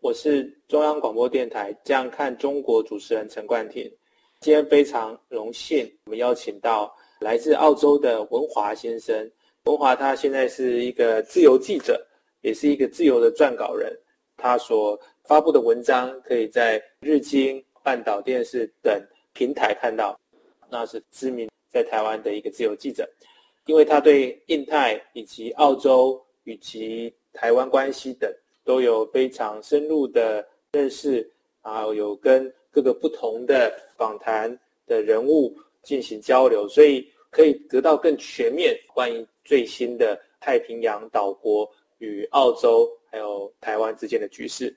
我是中央廣播電臺《這樣看中國》主持人陳冠廷。今天非常榮幸，我們邀請到來自澳洲的文華先生。文華他現在是一個自由記者，也是一個自由的撰稿人。他所發佈的文章可以在日經、半島電視等平台看到，那是知名在台灣的一個自由記者。因為他對印太以及澳洲以及台灣關係等。都有非常深入的認識啊，然後有跟各個不同的訪談的人物進行交流，所以可以得到更全面關於最新的太平洋島國與澳洲還有台灣之間的局勢。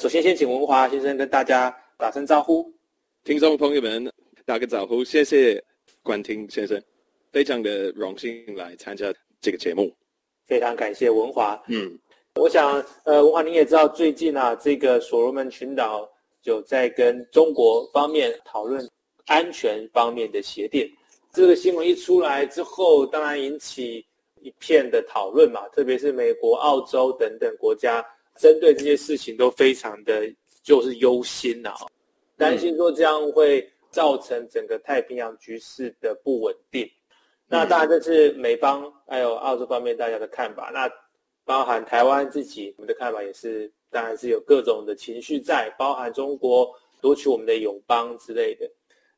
首先，先請文華先生跟大家打聲招呼，聽眾朋友們打個招呼。謝謝冠廷先生，非常的榮幸來參加這個節目。非常感謝文華，嗯。我想，呃，文華您也知道，最近啊，這個所羅門群島有在跟中國方面討論安全方面的協定。這個新聞一出來之後，當然引起一片的討論嘛，特別是美國、澳洲等等國家，針對這些事情都非常的就是憂心啊，嗯、擔心說這樣會造成整個太平洋局勢的不穩定。嗯、那當然這是美方還有澳洲方面大家的看法。那包含台灣自己，我們的看法也是，當然是有各種的情緒在，包含中國奪取我們的友邦之類的。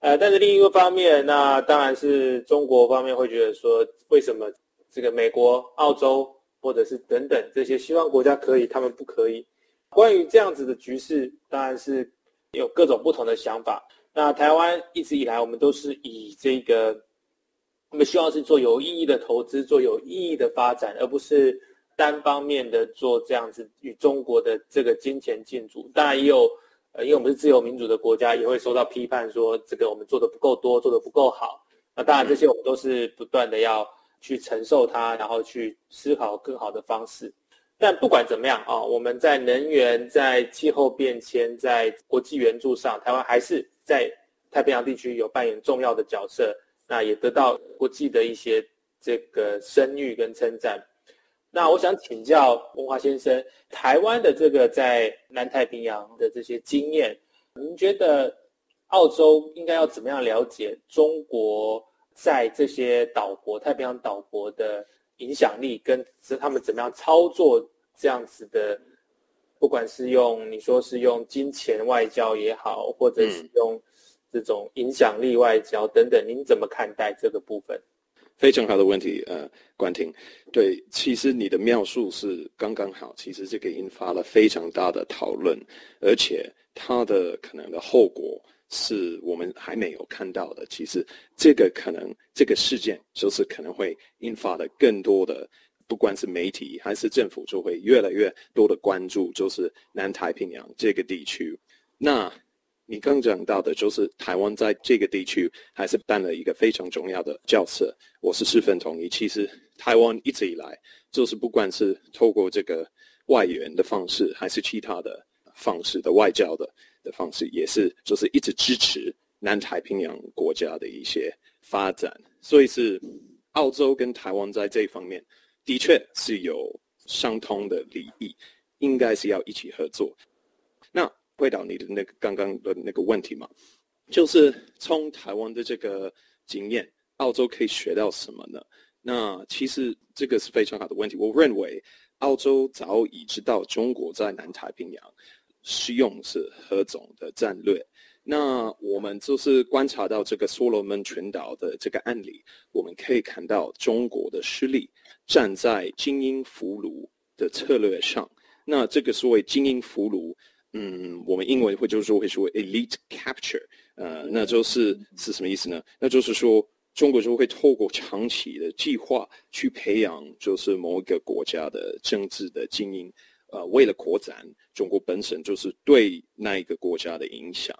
呃，但是另一個方面，那當然是中國方面會覺得說，為什麼這個美國、澳洲或者是等等這些西方國家可以，他們不可以？關於這樣子的局勢，當然是有各種不同的想法。那台灣一直以來，我們都是以這個，我們希望是做有意義的投資，做有意義的發展，而不是。單方面的做這樣子與中國的這個金錢競逐，當然也有，呃，因為我們是自由民主的國家，也會受到批判，說這個我們做的不夠多，做的不夠好。那當然這些我們都是不斷的要去承受它，然後去思考更好的方式。但不管怎麼樣啊，我們在能源、在氣候變遷、在國際援助上，台灣還是在太平洋地區有扮演重要的角色，那也得到國際的一些這個聲譽跟稱讚。那我想請教文華先生，台灣的這個在南太平洋的這些經驗，您覺得澳洲應該要怎麼樣了解中國在這些島國、太平洋島國的影響力，跟是他們怎麼樣操作這樣子的？不管是用你說是用金錢外交也好，或者是用這種影響力外交等等，您怎麼看待這個部分？非常好的問題，呃，冠廷，對，其實你的描述是剛剛好，其實這個引發了非常大的討論，而且它的可能的後果是我們還沒有看到的。其實這個可能這個事件就是可能會引發了更多的，不管是媒體還是政府，就會越來越多的關注，就是南太平洋這個地區。那。你剛講到的，就是台灣在這個地區還是擔了一個非常重要的角色。我是十分同意。其實，台灣一直以來就是不管是透過這個外援的方式，還是其他的方式的外交的的方式，也是就是一直支持南太平洋國家的一些發展。所以是澳洲跟台灣在這方面的確是有相通的利益，應該是要一起合作。那。回到你的那個剛剛的那個問題嘛，就是從台灣的這個經驗，澳洲可以學到什麼呢？那其實這個是非常好的問題。我認為澳洲早已知道中國在南太平洋使用是何種的戰略。那我們就是觀察到這個所羅門群島的這個案例，我們可以看到中國的實力站在精英俘虜的策略上。那這個所謂精英俘虜。嗯，我們英文會就是說會說 elite capture，呃，那就是是什麼意思呢？那就是說中國就會透過長期的計劃去培養就是某一個國家的政治的精英，呃，為了擴展中國本身就是對那一個國家的影響。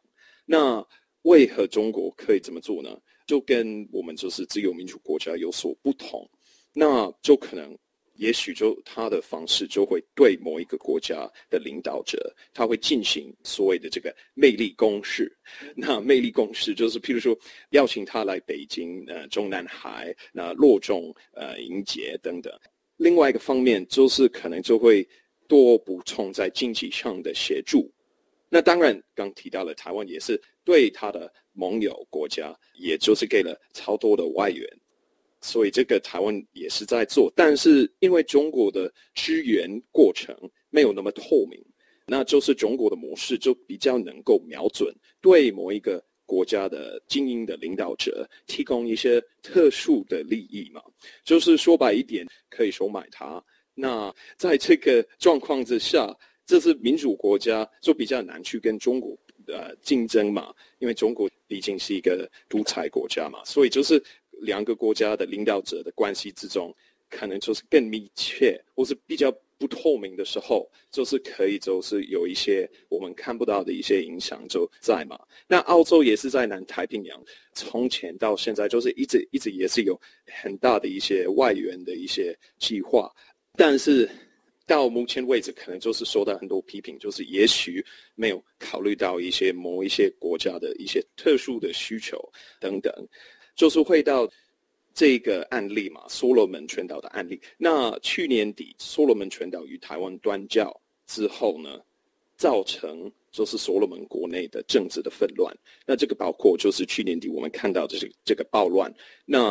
那為何中國可以這麼做呢？就跟我們就是自由民主國家有所不同，那就可能。也許就他的方式就會對某一個國家的領導者，他會進行所謂的這個魅力攻勢。那魅力攻勢就是，譬如說邀請他來北京、呃中南海、那、呃、隆重、呃迎接等等。另外一個方面就是可能就會多補充在經濟上的協助。那當然，剛提到了台灣也是對他的盟友國家，也就是給了超多的外援。所以，這個台灣也是在做，但是因為中國的支援過程沒有那麼透明，那就是中國的模式就比較能夠瞄準對某一個國家的精英的領導者提供一些特殊的利益嘛。就是說白一點，可以收買他。那在這個狀況之下，這是民主國家就比較難去跟中國呃競爭嘛，因為中國畢竟是一個獨裁國家嘛，所以就是。兩個國家的領導者的關係之中，可能就是更密切，或是比較不透明的時候，就是可以就是有一些我們看不到的一些影響就在嘛。那澳洲也是在南太平洋，從前到現在就是一直一直也是有很大的一些外援的一些計劃，但是到目前為止，可能就是受到很多批評，就是也許沒有考慮到一些某一些國家的一些特殊的需求等等。就是回到這個案例嘛，所羅門群島的案例。那去年底，所羅門群島與台灣斷交之後呢，造成就是所羅門國內的政治的紛亂。那這個包括就是去年底我們看到就是這個暴亂。那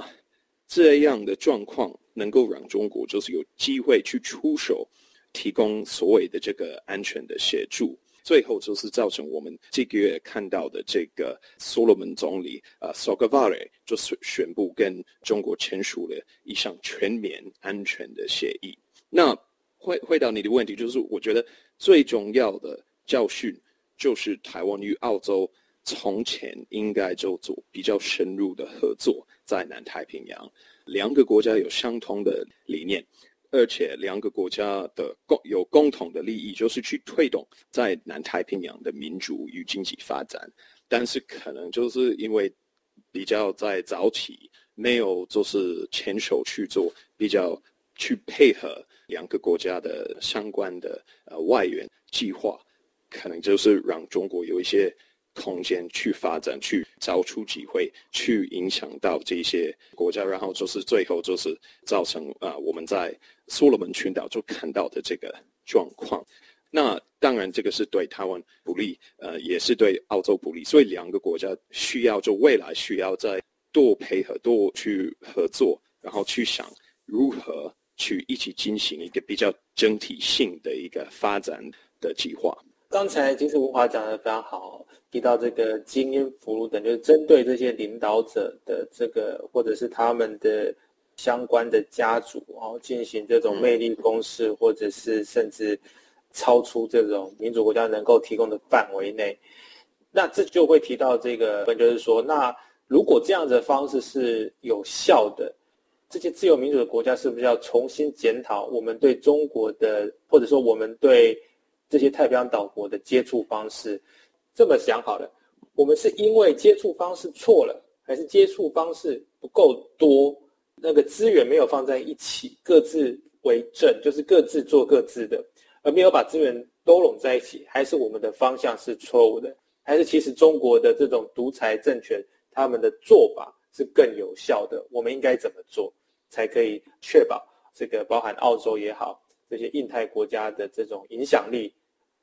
這樣的狀況能夠讓中國就是有機會去出手，提供所謂的這個安全的協助。最後就是造成我們這個月看到的這個所羅門總理啊，蘇、呃、格瓦瑞就宣布跟中國簽署了一項全面安全的協議。那回回答你的問題，就是我覺得最重要的教訓就是台灣與澳洲從前應該就做比較深入的合作，在南太平洋兩個國家有相同的理念。而且兩個國家的共有共同的利益，就是去推動在南太平洋的民主與經濟發展。但是可能就是因為比較在早期沒有就是牽手去做，比較去配合兩個國家的相關的外援計劃，可能就是讓中國有一些空間去發展，去找出機會，去影響到這些國家，然後就是最後就是造成啊、呃、我們在。所羅門群島就看到的這個狀況，那當然這個是對台灣不利，呃，也是對澳洲不利，所以兩個國家需要就未來需要再多配合，多去合作，然後去想如何去一起進行一個比較整體性的一個發展的計劃。剛才其實文華講得非常好，提到這個精英俘虜等，就是針對這些領導者的這個或者是他們的。相關的家族，然後進行這種魅力攻勢，或者是甚至超出這種民主國家能夠提供的範圍內，那這就會提到這個，就是說，那如果這樣的方式是有效的，這些自由民主的國家是不是要重新檢討我們對中國的，或者說我們對這些太平洋島國的接觸方式？這麼想好了，我們是因為接觸方式錯了，還是接觸方式不夠多？那個資源沒有放在一起，各自為政，就是各自做各自的，而沒有把資源都攏在一起，還是我們的方向是錯誤的？還是其實中國的這種獨裁政權，他們的做法是更有效的？我們應該怎麼做，才可以確保這個包含澳洲也好，這些印太國家的這種影響力，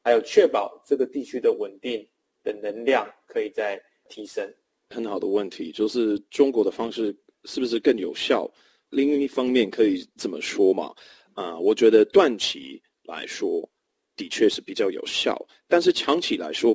還有確保這個地區的穩定的能量可以再提升？很好的問題，就是中國的方式。是不是更有效？另一方面，可以這麼說嘛？啊、呃，我覺得短期來說，的確是比較有效，但是長期來說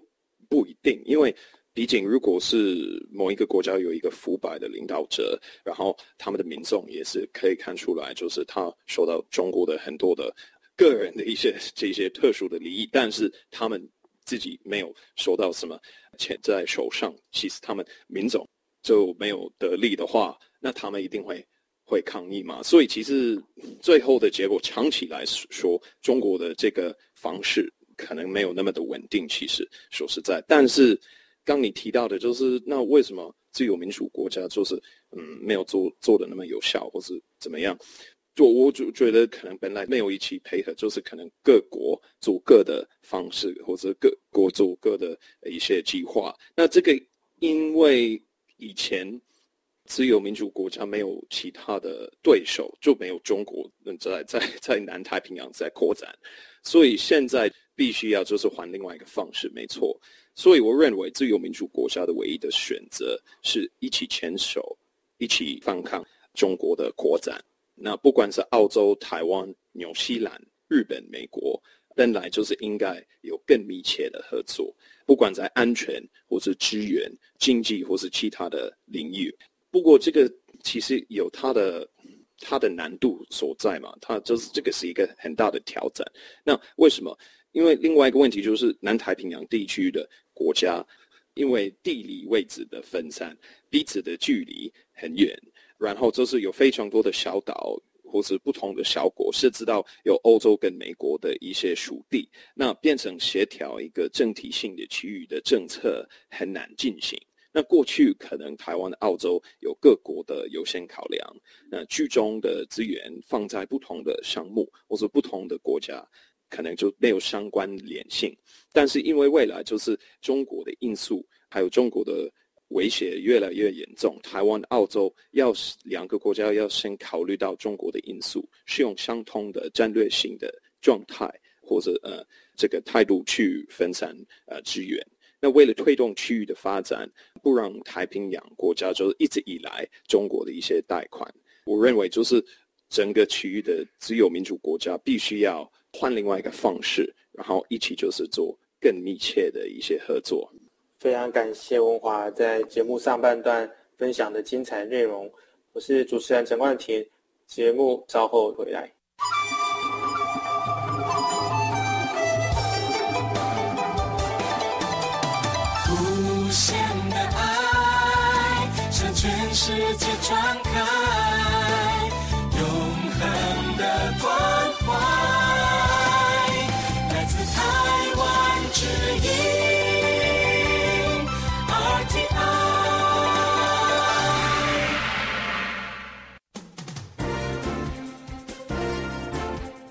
不一定，因為畢竟如果是某一個國家有一個腐敗的領導者，然後他們的民眾也是可以看出來，就是他受到中國的很多的個人的一些這些特殊的利益，但是他們自己沒有收到什麼錢在手上，其實他們民眾就沒有得利的話。那他們一定會會抗議嘛？所以其實最後的結果，長期來說，中國的這個方式可能沒有那麼的穩定。其實說實在，但是剛你提到的，就是那為什麼自由民主國家就是嗯沒有做做的那麼有效，或是怎麼樣？我我就覺得可能本來沒有一起配合，就是可能各國做各的方式，或者各國做各的一些計劃。那這個因為以前。自由民主國家沒有其他的對手，就沒有中國在在在南太平洋在擴展，所以現在必須要就是換另外一個方式，沒錯。所以我認為自由民主國家的唯一的選擇是一起牽手，一起反抗中國的擴展。那不管是澳洲、台灣、紐西蘭、日本、美國，本來就是應該有更密切的合作，不管在安全或是支援、經濟或是其他的領域。不過這個其實有它的它的難度所在嘛，它就是這個是一個很大的挑戰。那為什麼？因為另外一個問題就是南太平洋地區的國家，因為地理位置的分散，彼此的距離很遠，然後就是有非常多的小島或是不同的小國，涉及到有歐洲跟美國的一些屬地，那變成協調一個整體性的區域的政策很難進行。那過去可能台灣、澳洲有各國的優先考量，那居中的資源放在不同的項目或者不同的國家，可能就沒有相關聯性。但是因為未來就是中國的因素，還有中國的威脅越來越嚴重，台灣、澳洲要兩個國家要先考慮到中國的因素，使用相通的戰略性的狀態或者呃這個態度去分散呃資源。那為了推動區域的發展。不讓太平洋國家就是一直以來中國的一些貸款，我認為就是整個區域的自由民主國家必須要換另外一個方式，然後一起就是做更密切的一些合作。非常感謝文華在節目上半段分享的精彩內容，我是主持人陳冠廷，節目稍後回來。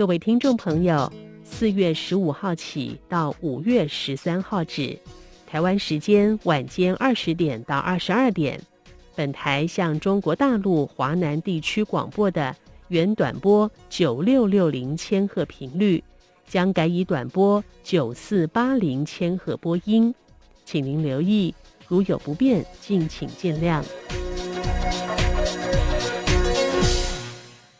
各位聽眾朋友，四月十五號起到五月十三號止，台灣時間晚間二十點到二十二點，本台向中國大陸華南地區廣播的原短波九六六零千赫頻率，將改以短波九四八零千赫播音，請您留意。如有不便，敬請見諒。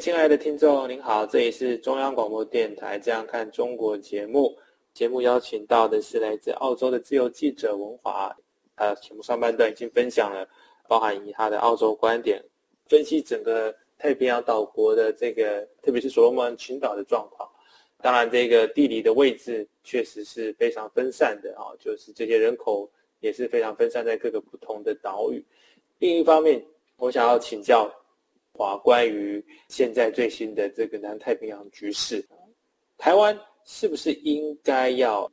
親愛的聽眾，您好，這裡是中央廣播電臺《這樣看中國》節目。節目邀請到的是來自澳洲的自由記者文華。呃，前面上半段已經分享了，包含以他的澳洲觀點分析整個太平洋島國的這個，特別是所羅門群島的狀況。當然，這個地理的位置確實是非常分散的啊、哦，就是這些人口也是非常分散在各個不同的島嶼。另一方面，我想要請教。華關於現在最新的這個南太平洋局勢，台灣是不是應該要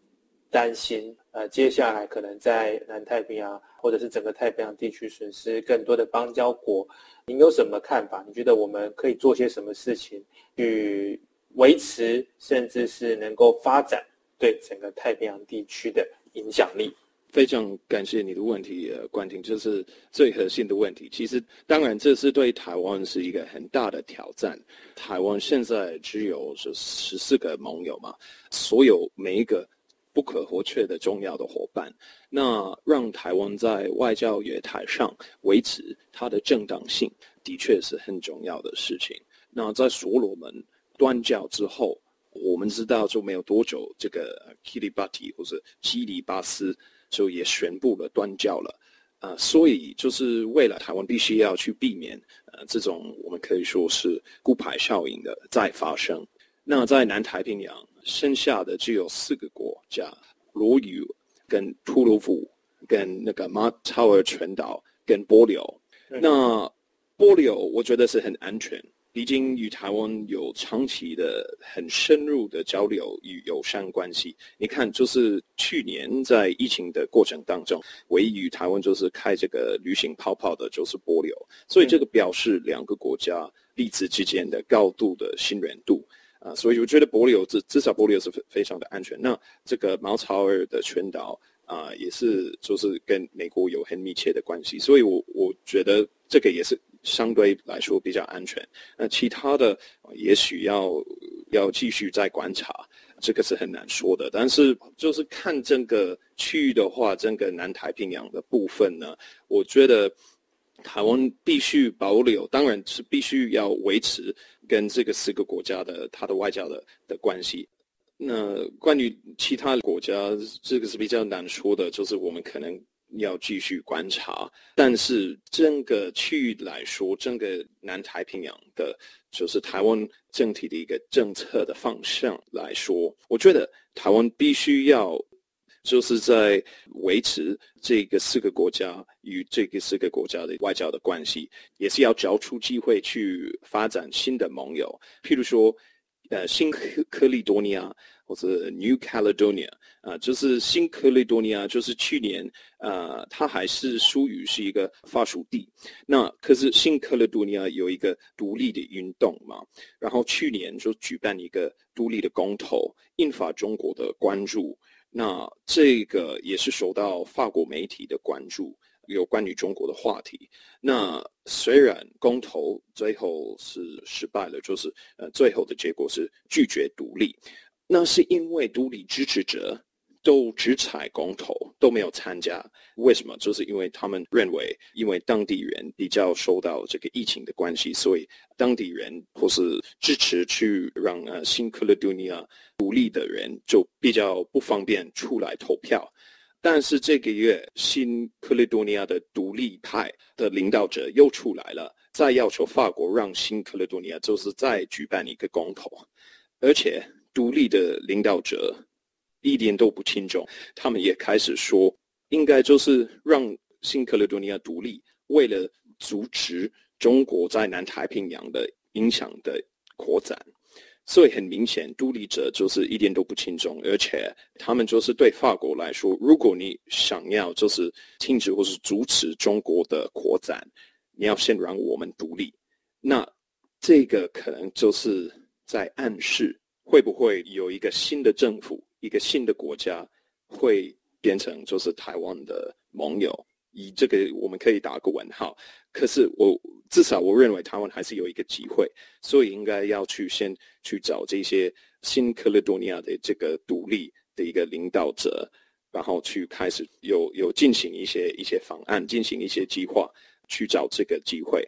擔心？呃，接下來可能在南太平洋或者是整個太平洋地區損失更多的邦交國，您有什麼看法？你覺得我們可以做些什麼事情去維持，甚至是能夠發展對整個太平洋地區的影響力？非常感謝你的問題，呃、關停，這是最核心的問題。其實，當然這是對台灣是一個很大的挑戰。台灣現在只有十十四個盟友嘛，所有每一個不可或缺的重要的夥伴，那讓台灣在外交舞台上維持它的正當性，的確是很重要的事情。那在所羅門斷交之後，我們知道就沒有多久，這個吉里巴提或者基里巴斯。就也宣布了斷交了，啊、呃，所以就是為了台灣必須要去避免，呃，這種我們可以說是骨牌效應的再發生。那在南太平洋剩下的只有四個國家：諾魯、跟吐瓦魯、跟那個馬紹爾群島、跟帛琉對那帛琉我覺得是很安全。已經與台灣有長期的、很深入的交流與友善關係。你看，就是去年在疫情的過程當中，唯一與台灣就是開這個旅行泡泡的，就是帛琉。所以這個表示兩個國家彼此之間的高度的信任度啊、呃。所以我覺得帛琉至至少帛琉是非常的安全。那這個馬紹爾的群島啊、呃，也是就是跟美國有很密切的關係。所以我，我我覺得這個也是。相對來說比較安全。那其他的也需，也許要要繼續再觀察，這個是很難說的。但是就是看這個區域的話，這個南太平洋的部分呢，我覺得台灣必須保留，當然是必須要維持跟這個四個國家的它的外交的的關係。那關於其他國家，這個是比較難說的，就是我們可能。要繼續觀察，但是整個區域來說，整個南太平洋的，就是台灣整體的一個政策的方向來說，我覺得台灣必須要就是在維持這個四個國家與這個四個國家的外交的關係，也是要找出機會去發展新的盟友，譬如說，呃，新喀里多尼亞。或者 New Caledonia 啊，uh, 就是新克雷多尼亞，就是去年啊，uh, 它還是屬於是一個法屬地。那可是新克雷多尼亞有一個獨立的運動嘛，然後去年就舉辦一個獨立的公投，引發中國的關注。那這個也是受到法國媒體的關注，有關於中國的話題。那雖然公投最後是失敗了，就是呃，最後的結果是拒絕獨立。那是因為獨立支持者都只採公投，都沒有參加。為什麼？就是因為他們認為，因為當地人比較受到這個疫情的關係，所以當地人或是支持去讓呃新喀里多尼亞獨立的人就比較不方便出來投票。但是這個月，新喀里多尼亞的獨立派的領導者又出來了，再要求法國讓新喀里多尼亞就是再舉辦一個公投，而且。獨立的領導者一點都不親中，他們也開始說，應該就是讓新喀里多尼亞獨立，為了阻止中國在南太平洋的影響的擴展。所以很明顯，獨立者就是一點都不親中，而且他們就是對法國來說，如果你想要就是停止或是阻止中國的擴展，你要先讓我們獨立。那這個可能就是在暗示。會不會有一個新的政府，一個新的國家會變成就是台灣的盟友？以這個我們可以打個問號。可是我至少我認為台灣還是有一個機會，所以應該要去先去找這些新喀里多尼亞的這個獨立的一個領導者，然後去開始有有進行一些一些方案，進行一些計劃，去找這個機會。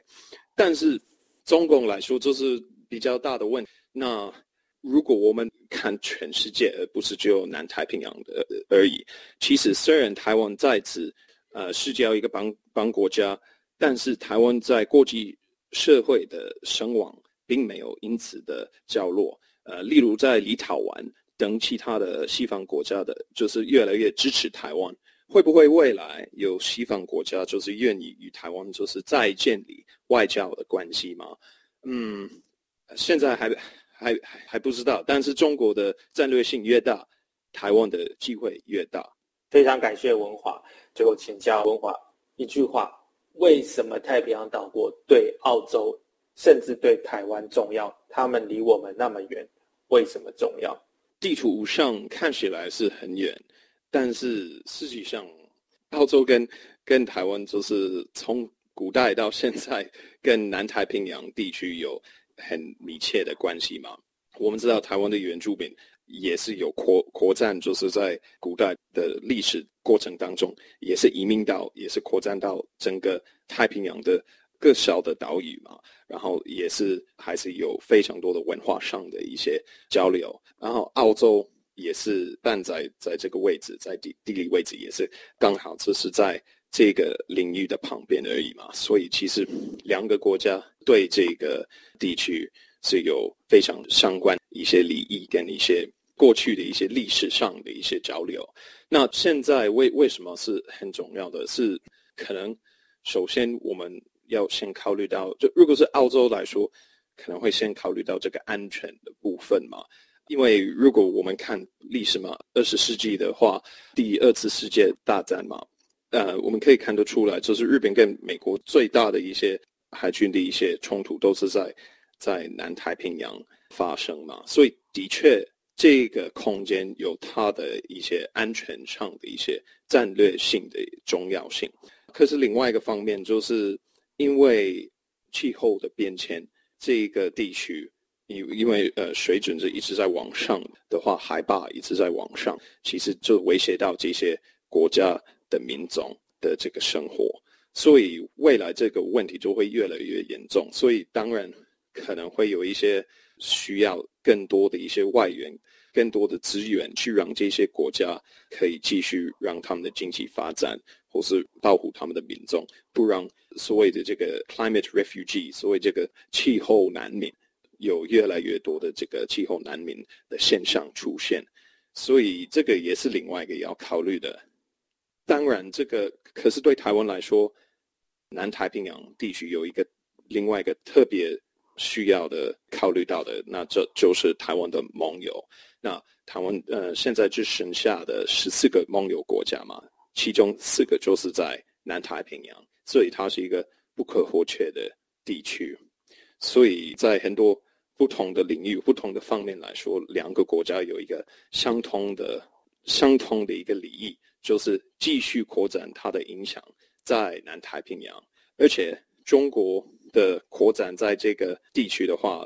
但是中共來說，這是比較大的問題那。如果我們看全世界，而不是只有南太平洋的而已，其實雖然台灣在此呃，是叫一個邦交國家，但是台灣在國際社會的聲望並沒有因此的較弱。呃，例如在立陶宛等其他的西方國家的，就是越來越支持台灣。會不會未來有西方國家就是願意與台灣就是再建立外交的關係嗎？嗯，現在還。還還不知道，但是中國的戰略性越大，台灣的機會越大。非常感謝文華，最後請教文華一句話：為什麼太平洋島國對澳洲，甚至對台灣重要？他們離我們那麼遠，為什麼重要？地圖上看起來是很遠，但是實際上，澳洲跟跟台灣就是從古代到現在，跟南太平洋地區有。很密切的關係嘛，我們知道台灣的原住民也是有擴擴展，就是在古代的歷史過程當中，也是移民到，也是擴展到整個太平洋的各小的島嶼嘛，然後也是還是有非常多的文化上的一些交流，然後澳洲也是站在在這個位置，在地地理位置也是剛好，就是在這個領域的旁邊而已嘛，所以其實兩個國家。對這個地區是有非常相關一些利益跟一些過去的一些歷史上的一些交流。那現在為為什麼是很重要的是，可能首先我們要先考慮到，就如果是澳洲來說，可能會先考慮到這個安全的部分嘛。因為如果我們看歷史嘛，二十世紀的話，第二次世界大戰嘛，呃，我們可以看得出來，就是日本跟美國最大的一些。海軍的一些衝突都是在在南太平洋發生嘛，所以的確，這個空間有它的一些安全上的一些戰略性的重要性。可是另外一個方面，就是因為氣候的變遷，這個地區因因為呃水準是一直在往上的話，海拔一直在往上，其實就威脅到這些國家的民眾的這個生活。所以未來這個問題就會越來越嚴重，所以當然可能會有一些需要更多的一些外援，更多的資源，去讓這些國家可以繼續讓他們的經濟發展，或是保護他們的民眾，不讓所謂的這個 climate refugee，所謂這個氣候難民，有越來越多的這個氣候難民的現象出現。所以這個也是另外一個要考慮的。當然，這個可是對台灣來說南太平洋地區有一個另外一個特別需要的考慮到的，那這就是台灣的盟友。那台灣呃，現在只剩下的十四個盟友國家嘛，其中四個就是在南太平洋，所以它是一個不可或缺的地區。所以在很多不同的領域、不同的方面來說，兩個國家有一個相同的、相同的一個利益，就是繼續擴展它的影響。在南太平洋，而且中國的擴展在這個地區的話，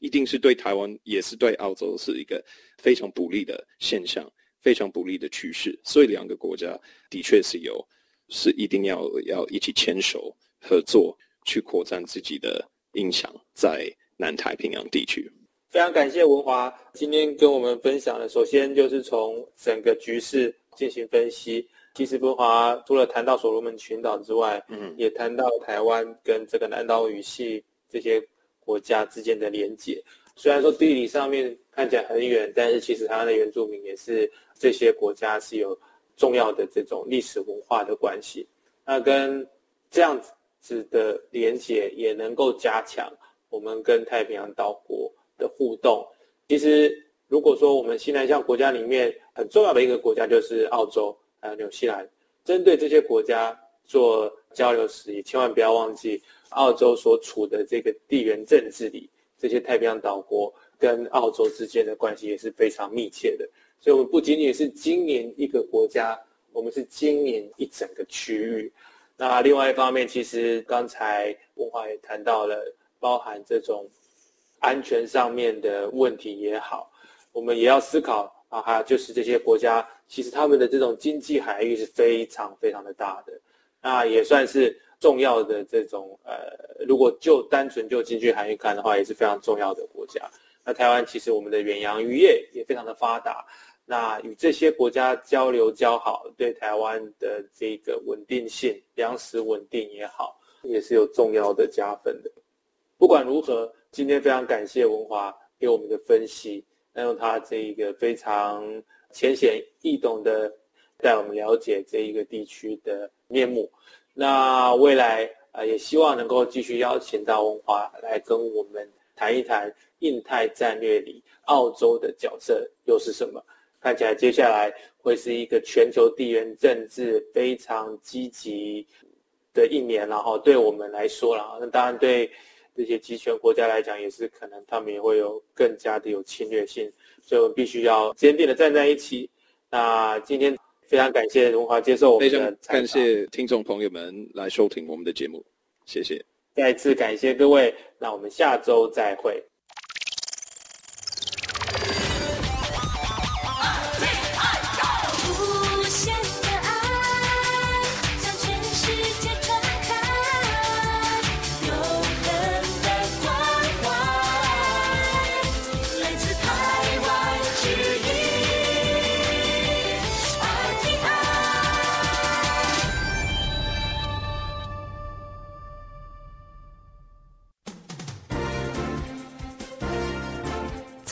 一定是對台灣也是對澳洲是一個非常不利的現象，非常不利的趨勢。所以，兩個國家的確是有是一定要要一起牽手合作，去擴展自己的影響在南太平洋地區。非常感謝文華今天跟我們分享的，首先就是從整個局勢進行分析。其實文華除了談到所羅門群島之外，嗯，也談到了台灣跟這個南島語系這些國家之間的連結。雖然說地理上面看起來很遠，但是其實它的原住民也是這些國家是有重要的這種歷史文化的關係。那跟這樣子的連結也能夠加強我們跟太平洋島國的互動。其實如果說我們新南向國家裡面很重要的一個國家就是澳洲、紐西蘭，針對這些國家做交流時，也千萬不要忘記澳洲所處的這個地緣政治裡，這些太平洋島國跟澳洲之間的關係也是非常密切的。所以，我們不僅僅是經營一個國家，我們是經營一整個區域。那另外一方面，其實剛才文華也談到了，包含這種安全上面的問題也好，我們也要思考。啊，還有就是這些國家，其實他們的這種經濟海域是非常非常的大的，那也算是重要的這種呃，如果就單純就經濟海域看的話，也是非常重要的國家。那台灣其實我們的遠洋漁業也非常的發達，那與這些國家交流交好，對台灣的這個穩定性、糧食穩定也好，也是有重要的加分的。不管如何，今天非常感謝文華給我們的分析。但用他這一個非常淺顯易懂的帶我們了解這一個地區的面目。那未來啊，也希望能夠繼續邀請到文華來跟我們談一談印太戰略裡澳洲的角色又是什麼？看起來接下來會是一個全球地緣政治非常積極的一年，然後對我們來說了，那當然對。這些集權國家來講，也是可能他們也會有更加的有侵略性，所以我們必須要堅定的站在一起。那今天非常感謝文華接受我們的採訪，感謝聽眾朋友們來收聽我們的節目，謝謝，再次感謝各位，那我們下周再會。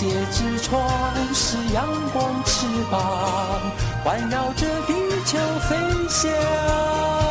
世界之窗是陽光翅膀，環繞着地球飛翔。